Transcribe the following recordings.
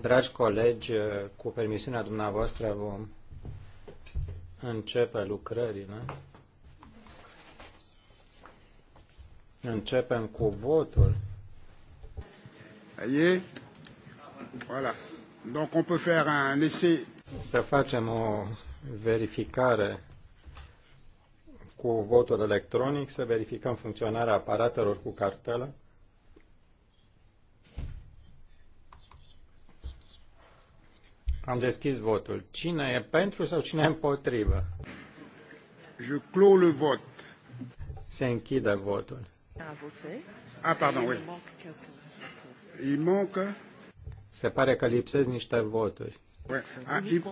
Dragi colegi, cu permisiunea dumneavoastră vom începe lucrările. Începem cu votul. Aie? Voilà. Donc on peut faire un essai. Să facem o verificare cu votul electronic, să verificăm funcționarea aparatelor cu cartelă. Am deschis votul. Cine e pentru sau cine e împotrivă? Je clôt le vot. Se închide votul. Ah, pardon, oui. Il manque... Se pare că lipsesc niște voturi. Ouais. Ah, il...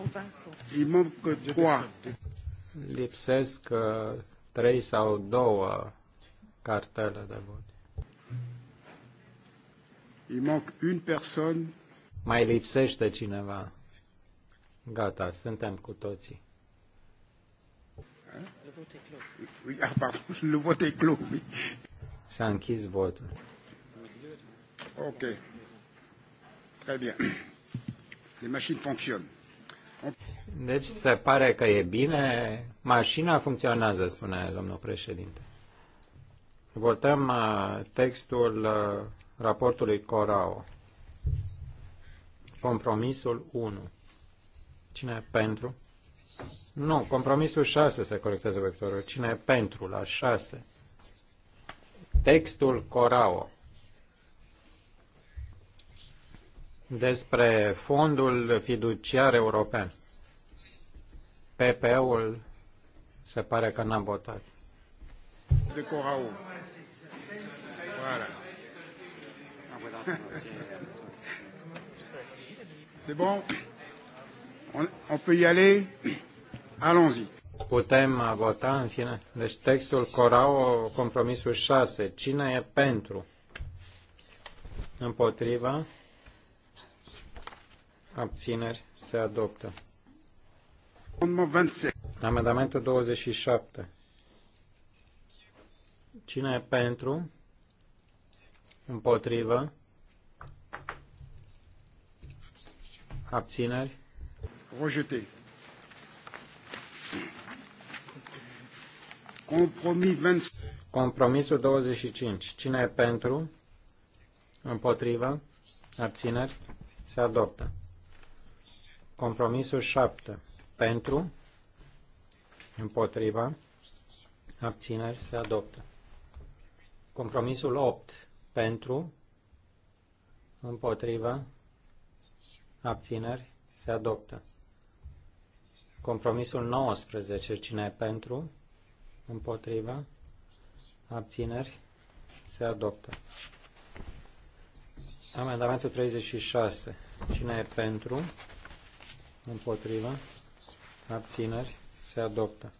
il manque trois. Lipsesc uh, trei sau două cartele de vot. Il manque une personne. Mai lipsește cineva. Gata, suntem cu toții. Le vot clos. S-a închis votul. Ok. Très bien. Les machines fonctionnent. Deci se pare că e bine. Mașina funcționează, spune domnul președinte. Votăm uh, textul uh, raportului Corao. Compromisul 1. Cine e pentru? Nu, compromisul 6 se corectează vectorul. Cine e pentru la 6? Textul Corao. Despre fondul fiduciar european. PP-ul se pare că n-am votat. De Corao. Voilà. C'est bon On, on peut y aller Allons-y. Putem vota în fine. Deci textul Corau, compromisul 6. Cine e pentru? Împotriva? Abțineri? Se adoptă. Amendamentul 27. Cine e pentru? Împotriva? Abțineri? rejeté. Compromisul 25. Cine e pentru? Împotrivă? Abțineri? Se adoptă. Compromisul 7. Pentru? împotrivă, Abțineri? Se adoptă. Compromisul 8. Pentru? împotrivă, Abțineri? Se adoptă. Compromisul 19. Cine e pentru? Împotriva? Abțineri? Se adoptă. Amendamentul 36. Cine e pentru? Împotriva? Abțineri? Se adoptă.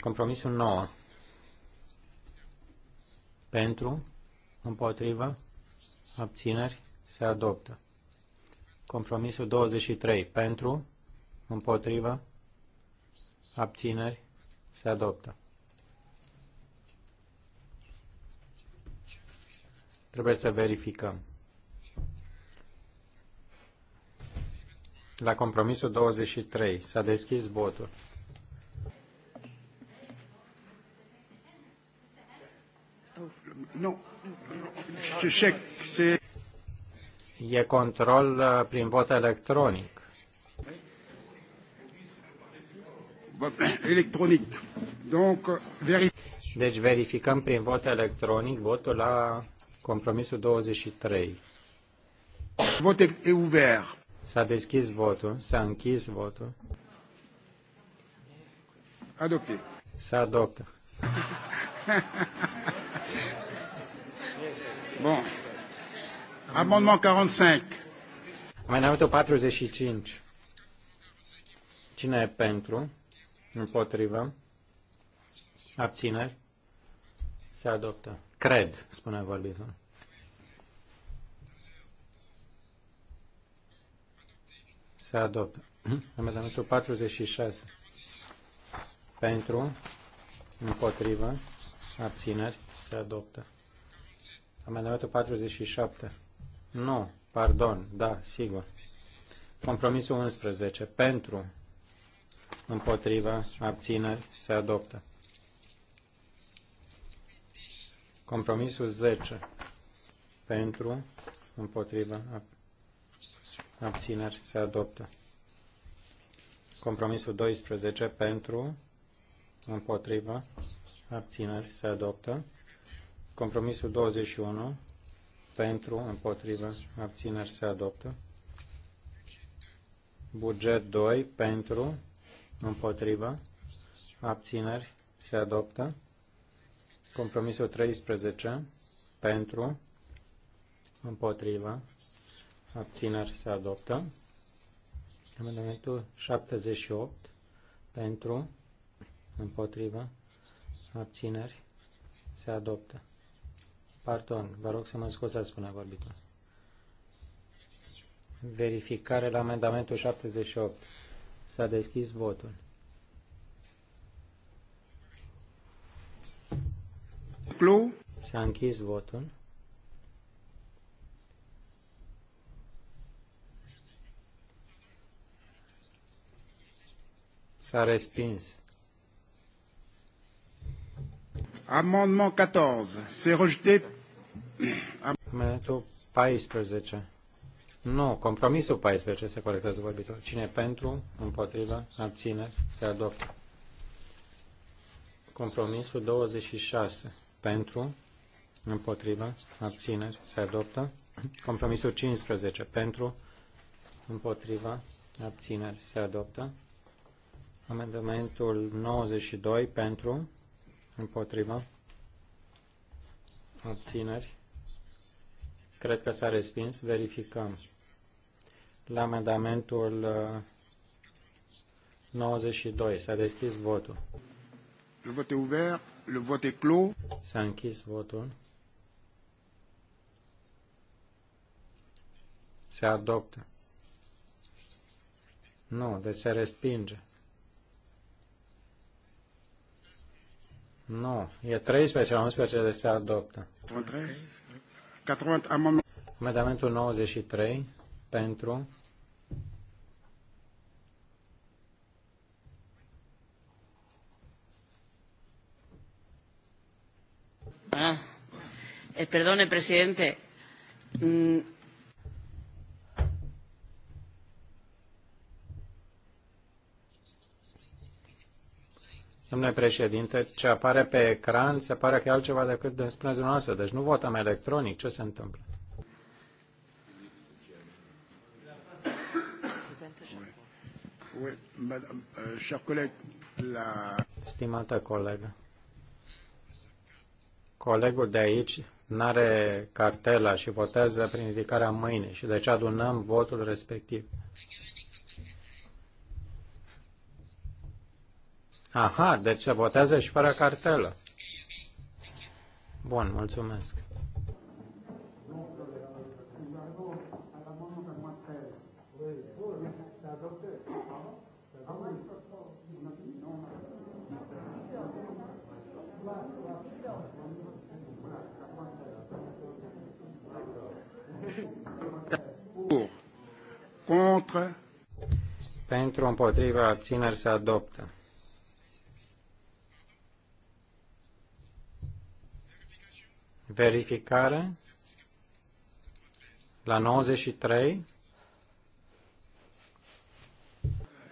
Compromisul 9. Pentru? Împotriva? Abțineri? Se adoptă. Compromisul 23. Pentru, împotriva abțineri, se adoptă. Trebuie să verificăm. La compromisul 23 s-a deschis votul. Nu, no e control uh, prin vot electronic. Electronic. Donc, deci verificăm prin vot electronic votul la compromisul 23. Vot e ouvert. S-a deschis votul, s-a închis votul. Adopté. a adoptat. Bun. Amendement 45. Amendamentul 45. Cine e pentru? Împotrivă? Abțineri? Se adoptă. Cred, spune vorbitorul. Se adoptă. Amendamentul 46. Pentru, împotrivă, abțineri, se adoptă. Amendamentul 47. Nu, pardon, da, sigur. Compromisul 11. Pentru, împotriva, abțineri, se adoptă. Compromisul 10. Pentru, împotriva, abțineri, se adoptă. Compromisul 12. Pentru, împotriva, abțineri, se adoptă. Compromisul 21 pentru, împotrivă, abțineri se adoptă. Buget 2 pentru, împotrivă, abțineri se adoptă. Compromisul 13 pentru, împotrivă, abțineri se adoptă. Amendamentul 78 pentru, împotrivă, abțineri se adoptă. Pardon, vă rog să mă scuzați, până vorbitul. Verificare la amendamentul 78. S-a deschis votul. Clu. S-a închis votul. S-a respins. Amendement 14. S-a rejetat. Amendamentul 14. Nu, compromisul 14 se corectează vorbitor. Cine pentru, împotriva, abține, se adoptă. Compromisul 26. Pentru, împotriva, abțineri, se adoptă. Compromisul 15. Pentru, împotriva, abțineri, se adoptă. Amendamentul 92. Pentru, împotriva, abțineri, Cred că s-a respins. Verificăm. La amendamentul 92 uh, s-a deschis votul. Le vot est ouvert, le vot est clos. S-a închis votul. Se adoptă. Nu, de deci se respinge. Nu, e 13 11 de se adoptă. 13? Amendamentul 93 pentru Ah, eh, perdone, presidente. Mm Domnule președinte, ce apare pe ecran se pare că e altceva decât de spuneți dumneavoastră, deci nu votăm electronic. Ce se întâmplă? Euh, Stimată colegă, colegul de aici n-are cartela și votează prin ridicarea mâinii și deci adunăm votul respectiv. Aha, deci se votează și fără cartelă. Bun, mulțumesc. Pentru împotriva abțineri se adoptă. verificare la 93.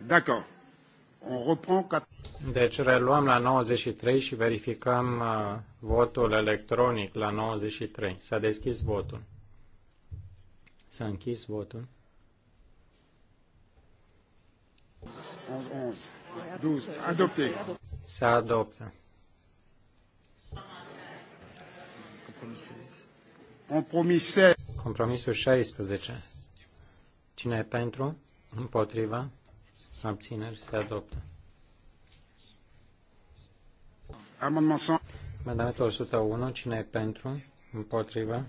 D'accord. On reprend... Deci reluăm la 93 și verificăm uh, votul electronic la 93. S-a deschis votul. S-a închis votul. 11, 12, adopté. S-a adoptat. Compromisul 16. Cine e pentru, împotriva, abțineri, se adoptă. Amendamentul 101. Cine e pentru, împotriva,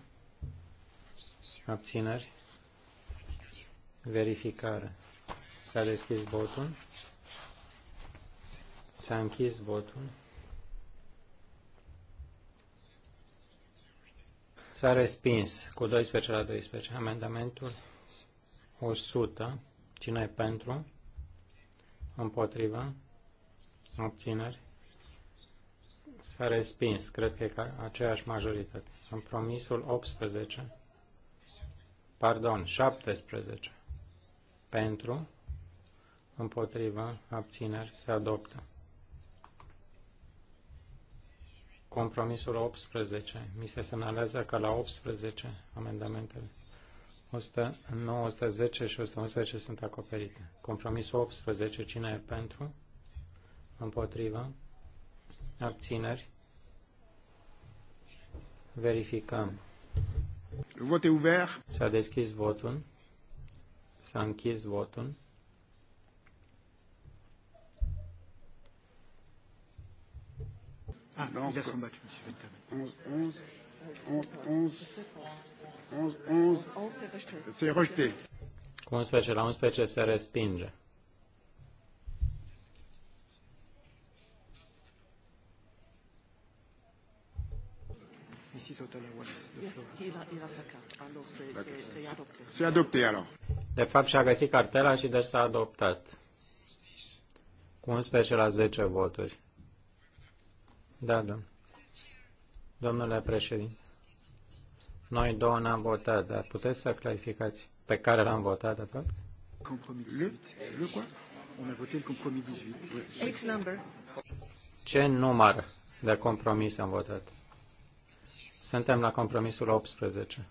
abțineri, verificare. S-a deschis votul. S-a închis votul. S-a respins cu 12 la 12. Amendamentul 100. Cine e pentru? Împotriva? Obțineri? S-a respins. Cred că e aceeași majoritate. promisul 18. Pardon, 17. Pentru? Împotriva? Abțineri? Se adoptă. compromisul 18. Mi se semnalează că la 18 amendamentele 109, 110 și 111 sunt acoperite. Compromisul 18. Cine e pentru? Împotrivă? Abțineri? Verificăm. Vot e S-a deschis votul. S-a închis votul. Ah, Donc, ah, il a combattu, monsieur 11, 11, 11, 11, 11, 11 c'est rejeté. C'est rejeté. Cu 11 la 11 se respinge. Se adopte alors. De fapt și-a găsit cartela și deci s-a adoptat. Cu 11 la 10 voturi. Da, da. Domnule președinte, noi două n-am votat, dar puteți să clarificați pe care l-am votat, de fapt? Ce număr de compromis am votat? Suntem la compromisul 18.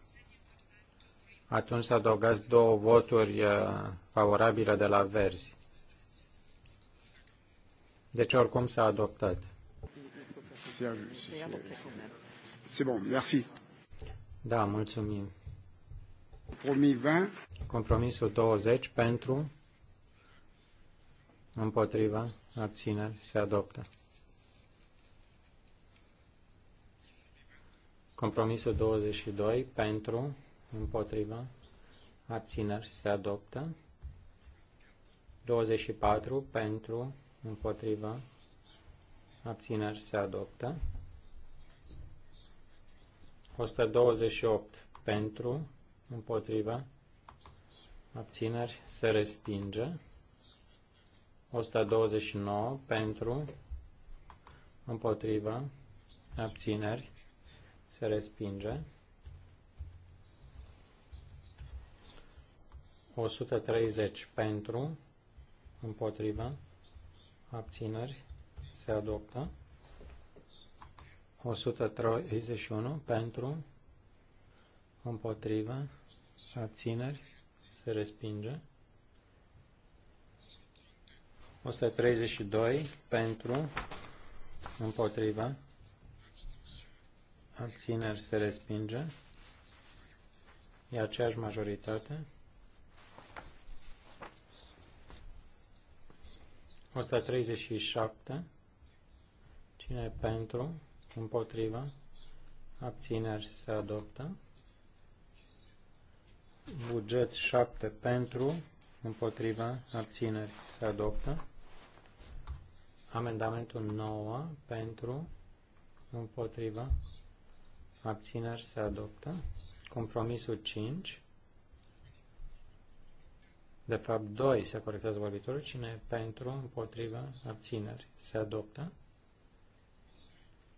Atunci s-a adăugat două voturi uh, favorabile de la verzi. Deci oricum s-a adoptat bon, merci. Da, mulțumim. Compromis 20. Compromisul 20 pentru, împotriva, abțineri, se adoptă. Compromisul 22 pentru, împotriva, abțineri, se adoptă. 24 pentru, împotriva, abțineri se adoptă. 128 pentru, împotriva, abțineri se respinge. 129 pentru, împotriva, abțineri se respinge. 130 pentru, împotriva, abțineri se adoptă. 131 pentru, împotriva, abțineri, se respinge. 132 pentru, împotriva, abțineri, se respinge. E aceeași majoritate. 137 Cine pentru? Împotriva? Abțineri se adoptă. Buget 7 pentru, împotriva, abțineri se adoptă. Amendamentul 9 pentru, împotriva, abțineri se adoptă. Compromisul 5. De fapt, 2 se corectează vorbitorul. Cine e pentru, împotriva, abțineri se adoptă.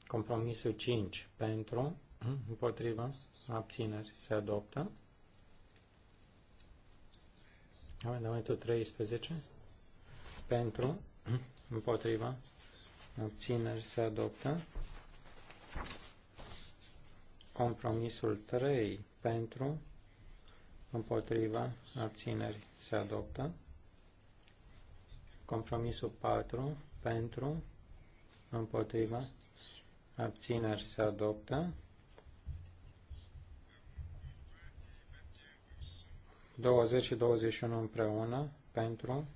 Compromisul 5 pentru, împotriva, abțineri se adoptă. Amendamentul 13 pentru, împotriva, abțineri se adoptă. Compromisul 3 pentru, împotriva, abțineri se adoptă. Compromisul 4 pentru, împotriva, abțineri se adoptă. Douăzeci și 21 împreună, pentru,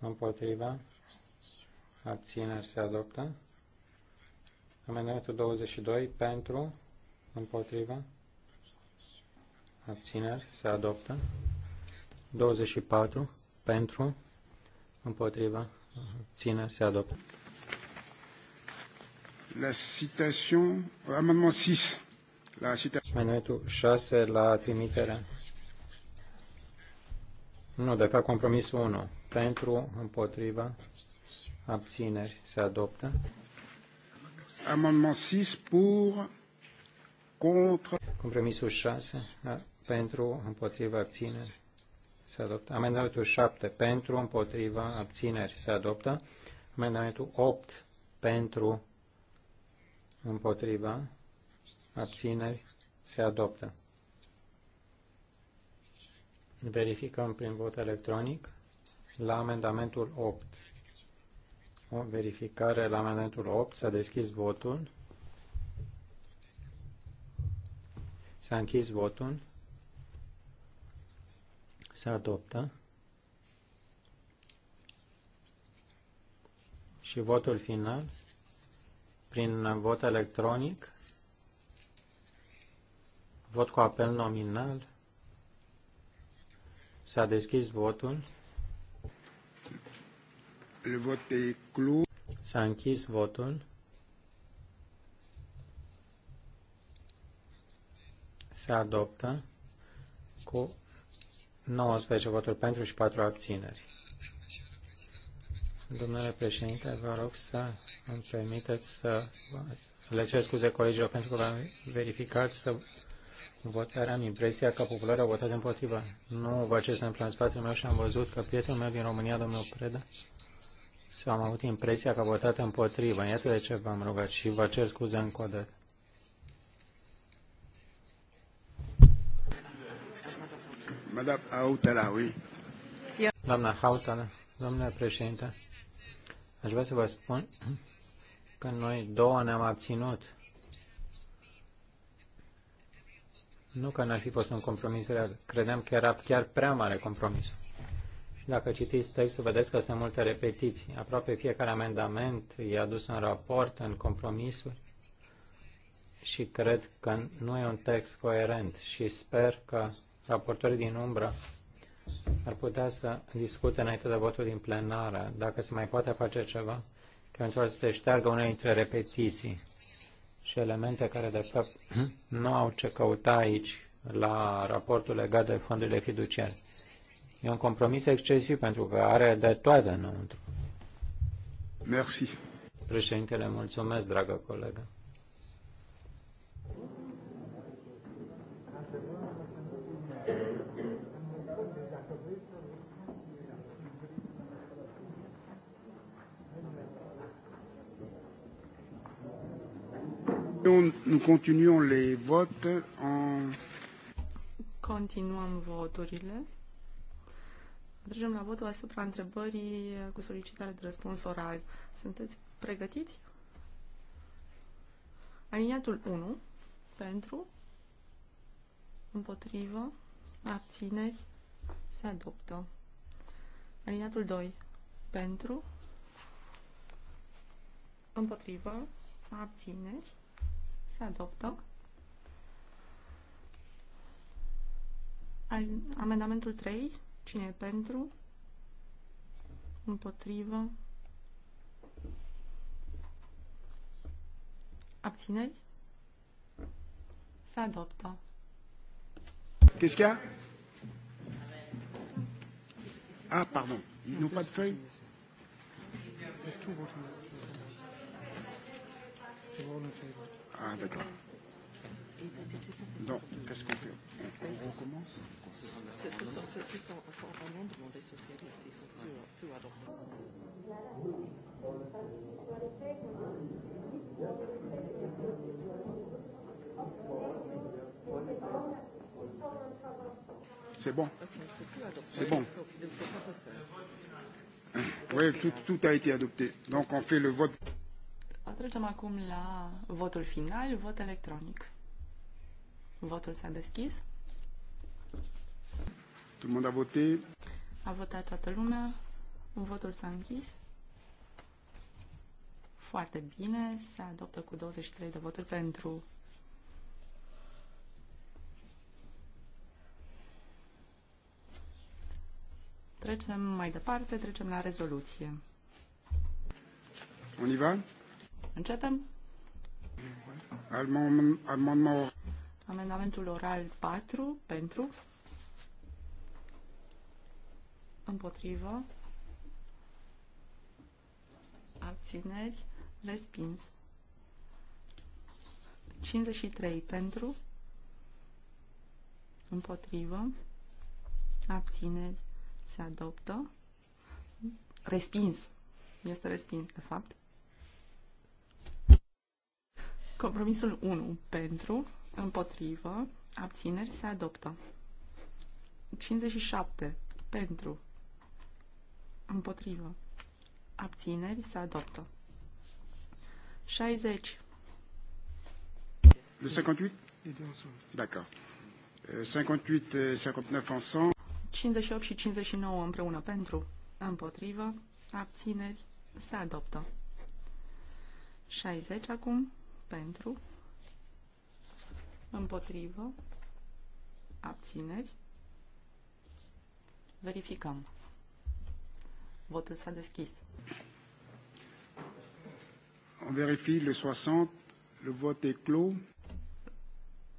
împotriva, abțineri se adoptă. Amendamentul 22, pentru, împotriva, abțineri se adoptă. 24, pentru, împotriva, abțineri se adoptă la citation, amendement 6, la citation. Amendamentul 6 la trimitere. Nu, de fapt compromisul 1. Pentru, împotriva, abțineri se adoptă. Amendement 6 pour, contre. Compromisul 6 da, pentru, împotriva, abțineri se adoptă. Amendamentul 7 pentru, împotriva, abțineri se adoptă. Amendamentul 8 pentru, împotriva, abțineri, se adoptă. Verificăm prin vot electronic la amendamentul 8. O verificare la amendamentul 8. S-a deschis votul. S-a închis votul. Se adoptă. Și votul final prin vot electronic, vot cu apel nominal. S-a deschis votul. S-a închis votul. Se adoptă cu 19 voturi pentru și 4 abțineri. Domnule președinte, vă rog să îmi permiteți să le cer scuze colegilor pentru că v-am verificat să votarea. Am impresia că populația a votat împotriva. Nu vă ce se în spatele meu și am văzut că prietenul meu din România, domnul Preda, sau am avut impresia că a votat împotriva. Iată de ce v-am rugat și vă cer scuze încă o dată. Doamna Hautala, domnule președinte, Aș vrea să vă spun că noi două ne-am abținut. Nu că n-ar fi fost un compromis real. Credeam că era chiar prea mare compromis. Dacă citiți textul, vedeți că sunt multe repetiții. Aproape fiecare amendament e adus în raport, în compromisuri și cred că nu e un text coerent și sper că raportorii din umbră ar putea să discute înainte de votul din plenară dacă se mai poate face ceva, că eventual să se șteargă una dintre repetiții și elemente care, de fapt, nu au ce căuta aici la raportul legat de fondurile fiduciare. E un compromis excesiv pentru că are de toate înăuntru. Merci. Președintele, mulțumesc, dragă colegă. Nous continuons les votes en... Continuăm voturile. Trecem la votul asupra întrebării cu solicitare de răspuns oral. Sunteți pregătiți? Aliniatul 1 pentru, împotrivă, abțineri, se adoptă. Aliniatul 2 pentru, împotrivă, abțineri, se adoptă. Amendamentul 3, cine e pentru? Împotrivă. Abțineri? Se adoptă. Qu'est-ce qu'il y a Ah, pardon. Ils n'ont pas de feuille Let's do voting. We're all in favor. Ah, d'accord. Non, qu'est-ce qu'on fait On recommence Ce sont, ce, ce sont, on a demandé socialistes, ils sont tous, tous adoptés. C'est bon. C'est bon. Oui, tout, tout a été adopté. Donc on fait le vote. Trecem acum la votul final, vot electronic. Votul s-a deschis. Tout le monde a voté. A votat toată lumea. Votul s-a închis. Foarte bine. Se adoptă cu 23 de voturi pentru. Trecem mai departe, trecem la rezoluție. On y va? Începem? Amendamentul oral 4 pentru. Împotrivă. Abțineri. Respins. 53 pentru. Împotrivă. Abțineri. Se adoptă. Respins. Este respins, de fapt. Compromisul 1 pentru, împotrivă, abțineri se adoptă. 57 pentru, împotrivă, abțineri se adoptă. 60. Le 58 D'accord. 58 euh, et 59 ensemble. 58 și 59 împreună pentru, împotrivă, abțineri se adoptă. 60 acum pentru, împotrivă, abțineri. Verificăm. Votul s-a deschis. On verifie le 60, le vote est clos.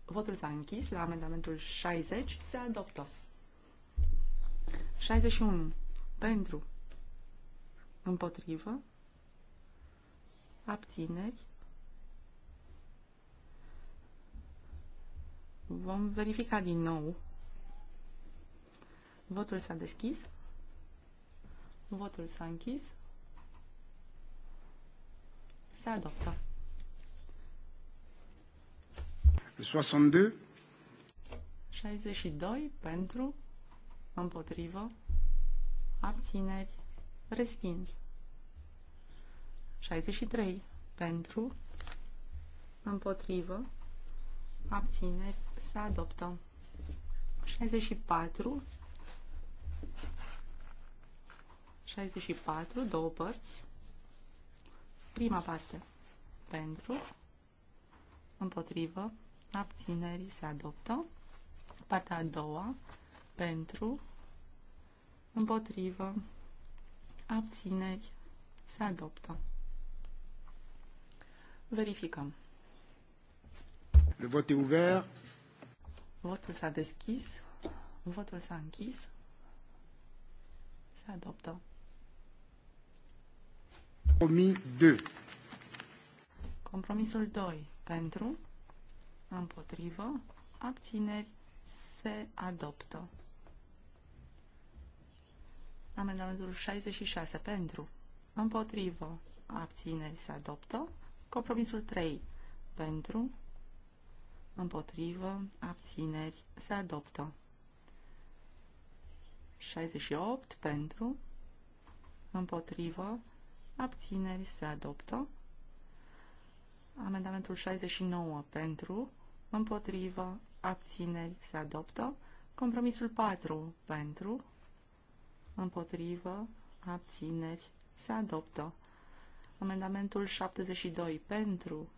Votul s-a închis la amendamentul 60, se adoptă. 61. Pentru. Împotrivă. Abțineri. Vom verifica din nou. Votul s-a deschis. Votul s-a închis. Se adoptă. 62. 62 pentru, împotrivă, abțineri, respins. 63 pentru, împotrivă, abțineri, se adoptă. 64, 64, două părți. Prima parte, pentru, împotrivă, abținerii se adoptă. Partea a doua, pentru, împotrivă, abțineri se adoptă. Verificăm. Le vote est ouvert. Votul s-a deschis. Votul s-a închis. Se adoptă. Compromis 2. Compromisul 2. Pentru, împotrivă, abțineri, se adoptă. Amendamentul 66. Pentru, împotrivă, abțineri, se adoptă. Compromisul 3. Pentru, împotrivă, abțineri, se adoptă. 68 pentru, împotrivă, abțineri, se adoptă. Amendamentul 69 pentru, împotrivă, abțineri, se adoptă. Compromisul 4 pentru, împotrivă, abțineri, se adoptă. Amendamentul 72 pentru,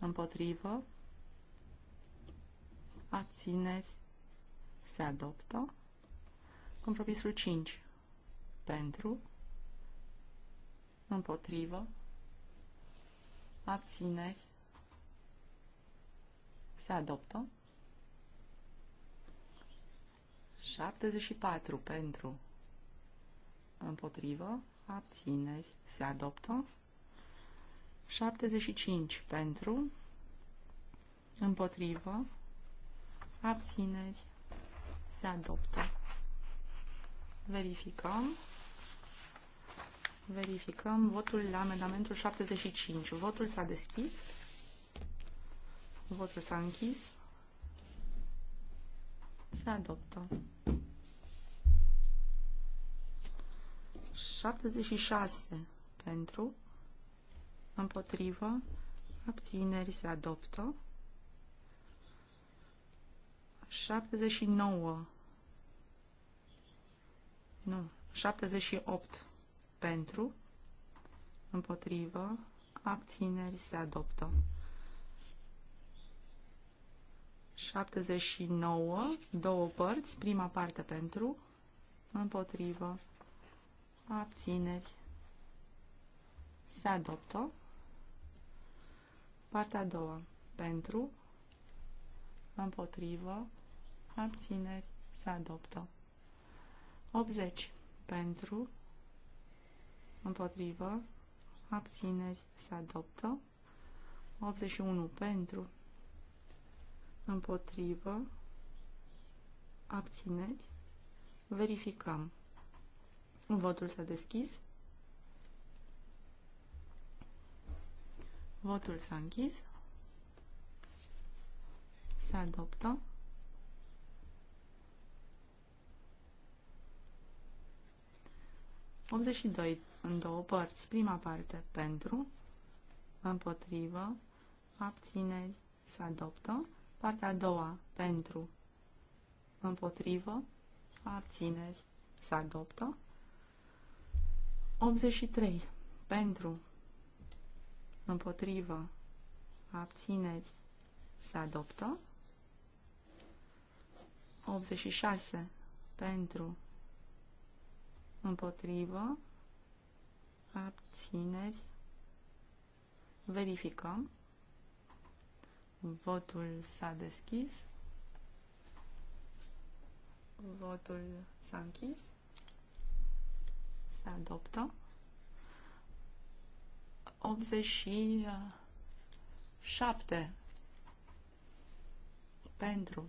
împotrivă, abțineri, se adoptă. Compromisul 5, pentru, împotrivă, abțineri, se adoptă. 74 pentru, împotrivă, abțineri, se adoptă. 75 pentru, împotrivă, abțineri, se adoptă. Verificăm. Verificăm votul la amendamentul 75. Votul s-a deschis. Votul s-a închis. Se adoptă. 76 pentru, împotrivă, abțineri se adoptă. 79, nu, 78 pentru, împotrivă, abțineri se adoptă. 79, două părți, prima parte pentru, împotrivă, abțineri se adoptă. Partea a doua. Pentru, împotrivă, abțineri, se adoptă. 80. Pentru, împotrivă, abțineri, se adoptă. 81. Pentru, împotrivă, abțineri, verificăm. Votul s-a deschis. Votul s-a închis. Se adoptă. doi în două părți. Prima parte pentru, împotrivă, abțineri, se adoptă. Partea a doua pentru, împotrivă, abțineri, se adoptă. 83 pentru, împotrivă, abțineri, se adoptă. 86 pentru, împotrivă, abțineri, verificăm. Votul s-a deschis. Votul s-a închis. Se adoptă. 87 pentru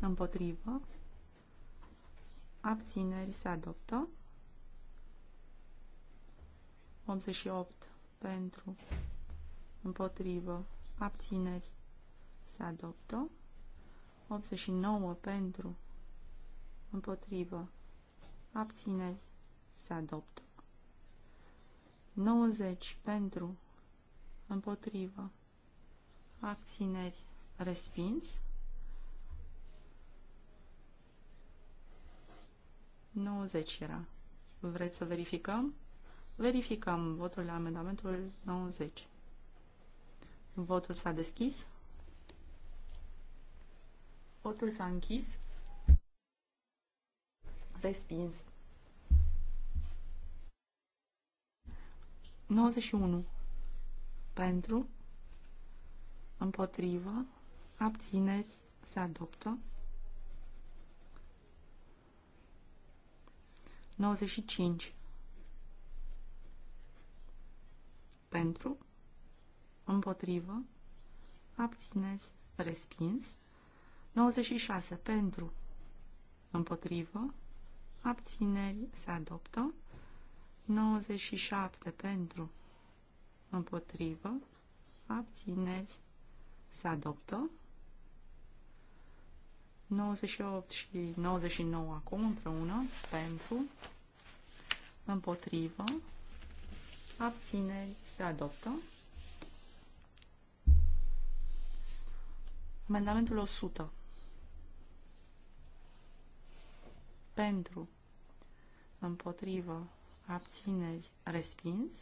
împotrivă abțineri se adoptă 88 pentru împotrivă abțineri se adoptă 89 pentru împotrivă abțineri se adoptă 90 pentru, împotrivă, abțineri, respins. 90 era. Vreți să verificăm? Verificăm votul la amendamentul 90. Votul s-a deschis. Votul s-a închis. Respins. 91. Pentru, împotrivă, abțineri, se adoptă. 95. Pentru, împotrivă, abțineri, respins. 96. Pentru, împotrivă, abțineri, se adoptă. 97 pentru împotrivă, abțineri se adoptă. 98 și 99 acum împreună pentru împotrivă, abțineri se adoptă. Amendamentul 100 pentru împotrivă, abțineri, respins.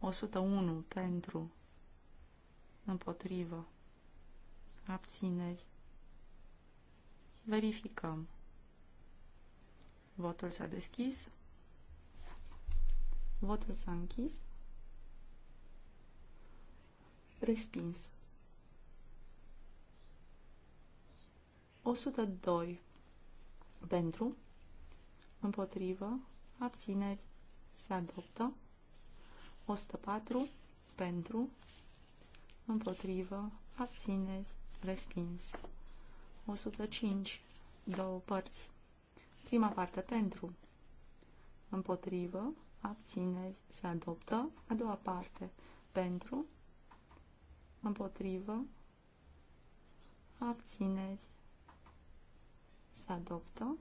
101 pentru, împotrivă, abțineri. Verificăm. Votul s-a deschis. Votul s-a închis. Respins. 102 pentru, împotrivă, abțineri, se adoptă. 104 pentru, împotrivă, abțineri, respins. 105, două părți. Prima parte pentru, împotrivă, abțineri, se adoptă. A doua parte pentru, împotrivă, abțineri, se adoptă.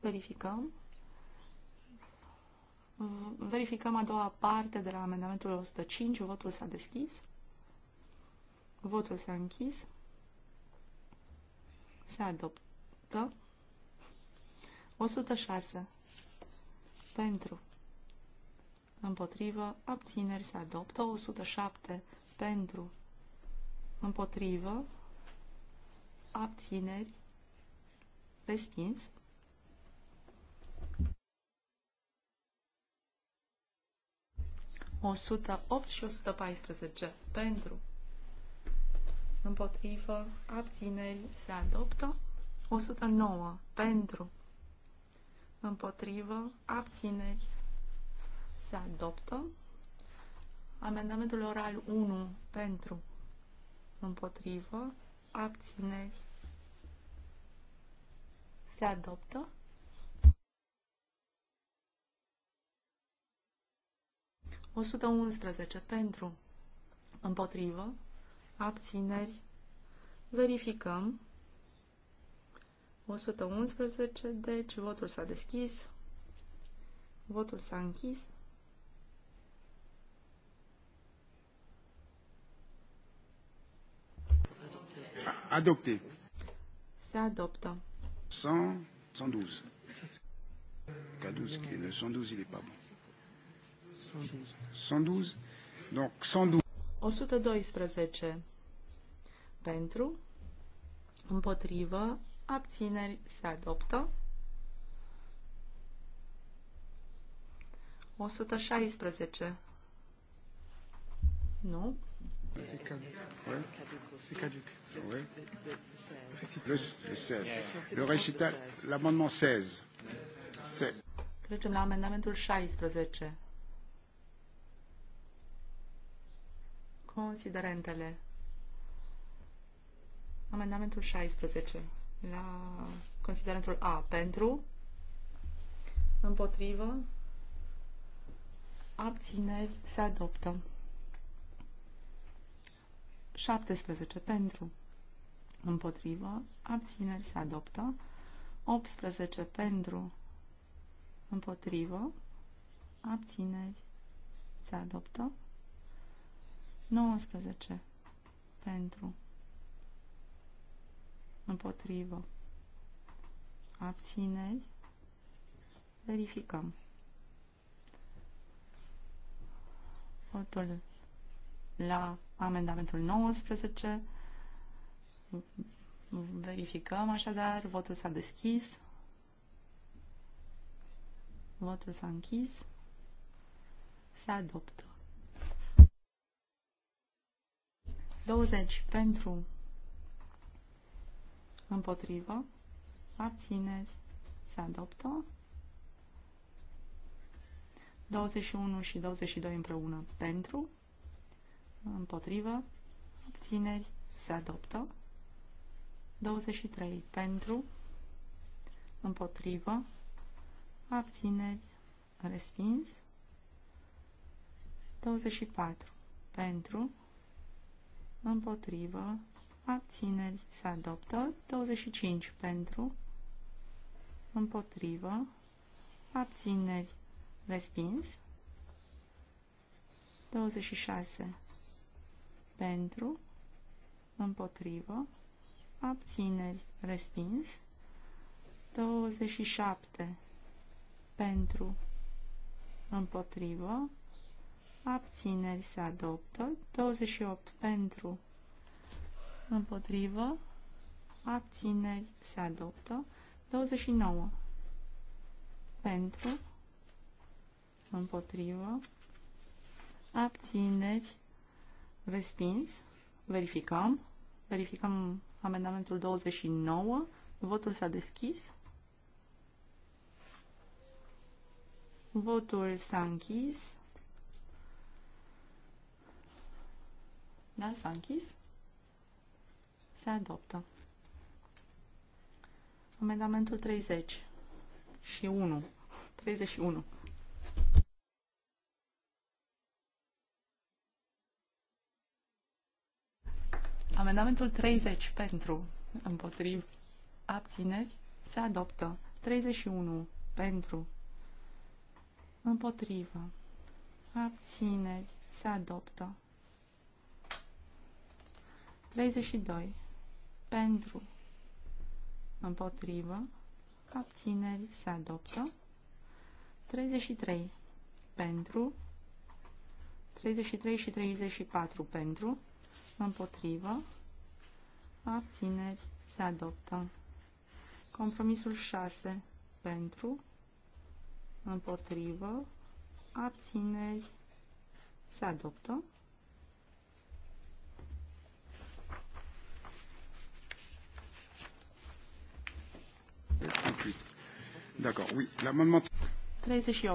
Verificăm. Verificăm a doua parte de la amendamentul 105. Votul s-a deschis. Votul s-a închis. Se adoptă. 106. Pentru. Împotrivă. Abțineri se adoptă. 107. Pentru. Împotrivă. Abțineri. Respins. 108 și 114 pentru, împotrivă, abțineri, se adoptă. 109 pentru, împotrivă, abțineri, se adoptă. Amendamentul oral 1 pentru, împotrivă, abțineri, se adoptă. 111 pentru, împotrivă, abțineri, verificăm. 111, deci votul s-a deschis, votul s-a închis. Adopté. Se adoptă. 100, 112. 112, le 112, il n'est pas bon. 112. pentru, împotrivă, abțineri se adoptă. 116. Nu. C'est caduc. Ouais. C'est caduc. Ouais. Le, le 16. Le récital, l'amendement 16. 16. Trecem la amendamentul 16. Considerentele. Amendamentul 16 la considerentul A pentru, împotrivă, abțineri se adoptă. 17 pentru, împotrivă, abțineri se adoptă. 18 pentru, împotrivă, abțineri se adoptă. 19 pentru împotrivă abțineri verificăm votul la amendamentul 19 verificăm așadar votul s-a deschis votul s-a închis se adoptă 20 pentru împotrivă, abțineri, se adoptă. 21 și 22 împreună pentru, împotrivă, abțineri, se adoptă. 23 pentru, împotrivă, abțineri, respins. 24 pentru, împotrivă, abțineri se adoptă, 25 pentru, împotrivă, abțineri respins, 26 pentru, împotrivă, abțineri respins, 27 pentru, împotrivă, abțineri se adoptă, 28 pentru, împotrivă, abțineri se adoptă, 29 pentru, împotrivă, abțineri, respins, verificăm, verificăm amendamentul 29, votul s-a deschis, votul s-a închis, Da? S-a închis. Se adoptă. Amendamentul 30 și 1. 31. Amendamentul 30 pentru împotriv abțineri se adoptă. 31 pentru împotrivă abțineri se adoptă. 32. Pentru. Împotrivă. Abțineri. Se adoptă. 33. Pentru. 33 și 34 pentru, împotrivă, abțineri, se adoptă. Compromisul 6 pentru, împotrivă, abțineri, se adoptă. D'accord, oui. L'amendement... 38.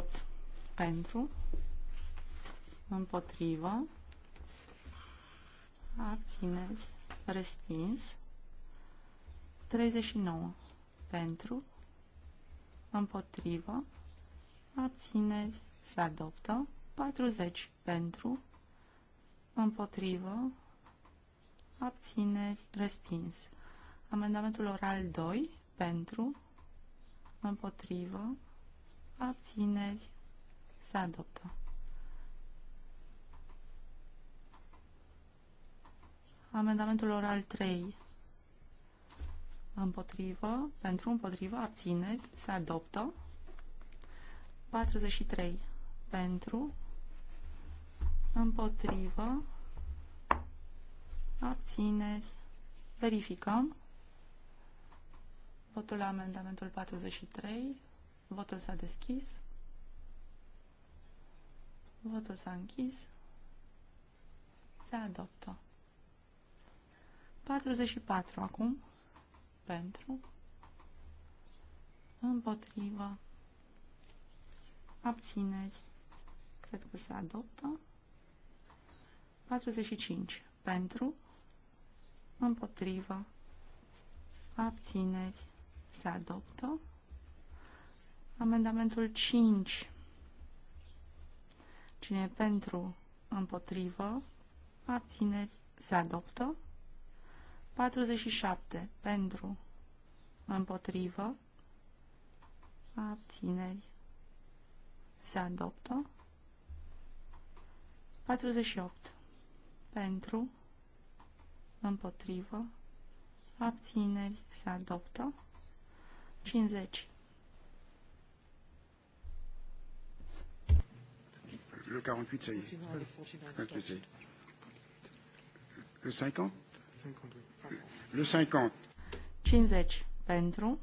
Pentru. Împotrivă. Abțineri. Respins. 39. Pentru. Împotrivă. Abțineri. Se adoptă. 40. Pentru. Împotrivă. Abțineri. Respins. Amendamentul oral 2. Pentru împotrivă, abțineri, se adoptă. Amendamentul oral 3 împotrivă, pentru împotrivă, abțineri, se adoptă. 43 pentru, împotrivă, abțineri, verificăm. Votul la amendamentul 43. Votul s-a deschis. Votul s-a închis. Se adoptă. 44 acum. Pentru. Împotrivă. Abțineri. Cred că se adoptă. 45. Pentru. Împotrivă. Abțineri se adoptă. Amendamentul 5. Cine e pentru, împotrivă, abțineri, se adoptă. 47. Pentru, împotrivă, abțineri, se adoptă. 48. Pentru, împotrivă, abțineri, se adoptă. 50. Le 48, ça y est. Le 50 Le 50. 50 pentru,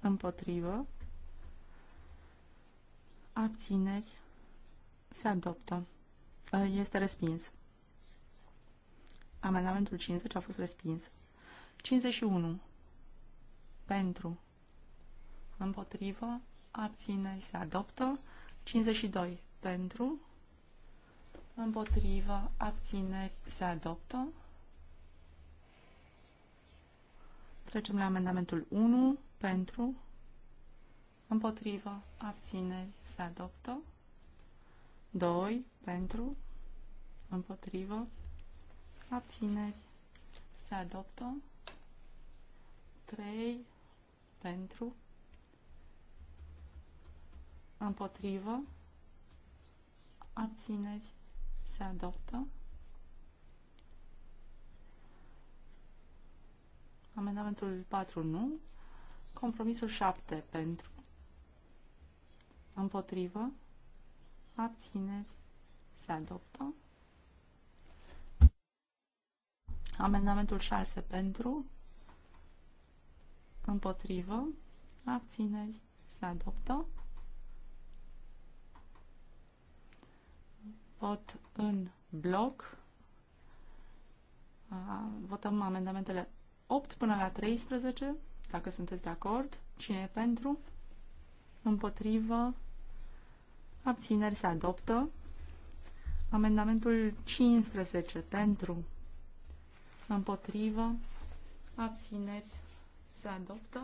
împotrivă, abțineri, se adoptă. Este respins. Amendamentul 50 a fost respins. 51. Pentru împotrivă, abțineri se adoptă, 52 pentru, împotrivă, abțineri se adoptă. Trecem la amendamentul 1 pentru, împotrivă, abțineri se adoptă, 2 pentru, împotrivă, abțineri se adoptă, 3 pentru, împotrivă, abțineri, se adoptă. Amendamentul 4 nu. Compromisul 7 pentru. Împotrivă. Abțineri. Se adoptă. Amendamentul 6 pentru. Împotrivă. Abțineri. Se adoptă. Vot în bloc. Votăm amendamentele 8 până la 13, dacă sunteți de acord. Cine e pentru? Împotrivă? Abțineri se adoptă. Amendamentul 15 pentru, împotrivă, abțineri se adoptă.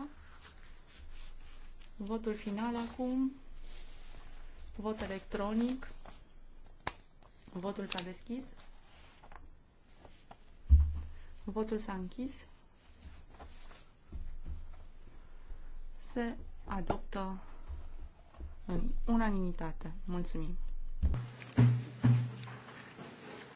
Votul final acum, vot electronic. Votul s-a deschis. Votul s-a închis. Se adoptă în unanimitate. Mulțumim!